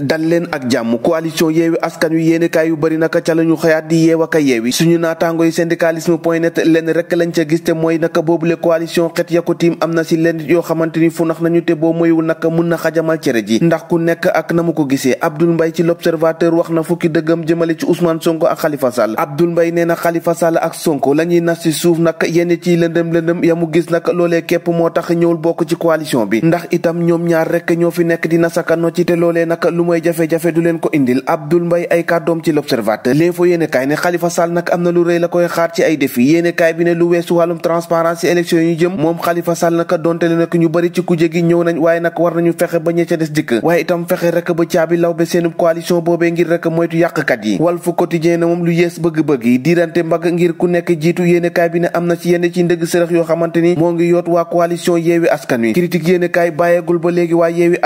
dal leen ak jàmm coalition yeewi askan wi yéenekaay yu bari naka ca la ñu xëyaat di yeew ak a yeewi suñu naataango yi syndicalisme point net lenn rek lañ ca gis te mooy naka boobule coalition xet ya ko tiim am na si lenn yoo xamante ni fu nax nañu te boo moywul naka mun na xajamal cere ji ndax ku nekk ak na mu ko gisee Abdoul Mbaye ci l'observateur wax na fukki dëggam jëmale ci Ousmane Sonko ak Khalifa Sall Abdoul Mbaye nee na Khalifa Sall ak Sonko la ñuy nas si suuf nag yenn ci lëndëm lëndëm ya mu gis nag loolee képp moo tax ñëwul bokk ci coalition bi ndax itam ñoom ñaar rek ñoo fi nekk di nasakanoo ci te loolee nag mooy jafe-jafe du leen ko indil Abdoul Mbaye ay kàddoom ci l'observateur l'info yéene kaay ne Khalifa Sall nag am na lu rëy la koy xaar ci ay défi yéene kaay bi ne lu weesu wàllum transparence ci élection yi ñu jëm moom Khalifa Sall naka donte ne nag ñu bëri ci kuje gi ñëw nañ waaye nag war nañu fexe ba ña des dikk waaye itam fexe rek ba caabi law seenub coalition boobee ngir rek moytu yàqkat yi Walf Quotidien na moom lu yees bëgg-bëgg yi diirante ni moo ba léegi waa yeewi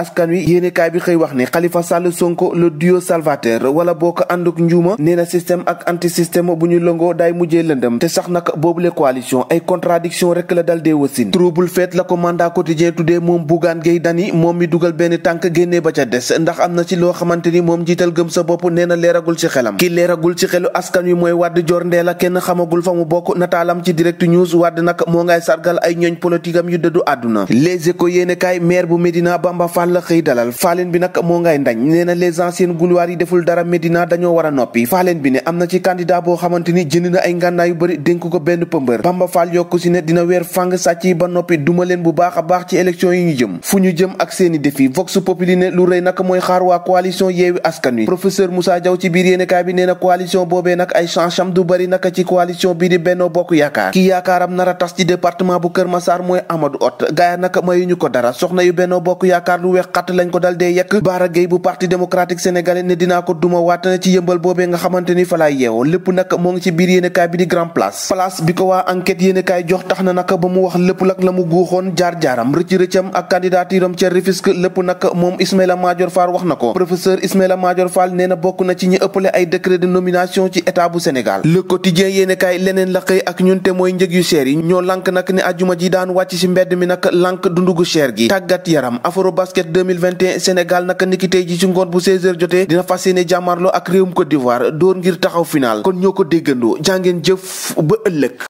Sall Sonko le duo salvateur wala boo ko ànduk njuuma nee na système ak anti système bu ñu lëngoo day mujjee lëndëm te sax nag boobule coalition ay contradiction rek la dal dee wasin trouble fête la ko mandat quotidien dee moom Bougane Gueye Dany moom mi dugal benn tànk génnee ba ca des ndax am na ci loo xamante ni moom jiital gëm sa bopp nee na leeragul ci xelam ki leeragul ci xelu askan wi mooy wadd Dior la kenn xamagul fa mu bokk nataalam ci direct news Wade nag moo ngay sargal ay ñooñ politique am yu dëddu àdduna les échos yéene kaay maire bu Médina Bamba Fall la xëy dalal faalin bi nag moo ngay Ndañ nee na les anciennes gloires yi deful dara Médina dañoo war a noppi faaleen bi ne am na ci candidat boo xamante jënd na ay ngànnaay yu bëri dénk ko benn pëmbër Bamba Fall yokku si ne dina weer fàng sàcc yi ba noppi duma leen bu baax a baax ci élection yi ñu jëm fu ñu jëm ak seeni défi Vox Populi ne lu rëy nag mooy xaar waa coalition Yewwi Askan Wi professeur Moussa Diaw ci biir yéenekaay bi nee na boobee nag ay change du bëri naka ci coalition a tas ci département bu Kër Massar ko dara soxna yu Benno Bokk Yaakaar lu weex xatt lañ ko dal bu parti démocratique sénégalais ne dinaa ko duma waat ci yëmbal boobee nga xamante ni yeewoo lépp nag moo ngi ci biir yéenekaay bi di grand place place bi ko waa enquête yéenekaay jox tax na nag ba mu wax lépp lak la mu guuxoon jaar-jaaram rëcc-rëccam ak candidaturam ca Rufisque lépp nag moom Ismaïla Madior Fall wax na ko professeur Ismaïla Madior Fall nee bokk na ci ñi ëppale ay décret de nomination ci état bu Sénégal le quotidien yéenekaay leneen la xëy ak ñun ji ci ngoon bu 16h jotee dina fas yéene jàmmarloo ak réewum Côte d'Ivoire dóor ngir taxaw final kon ñoo ko déggandoo jàngeen jëf ba ëllëg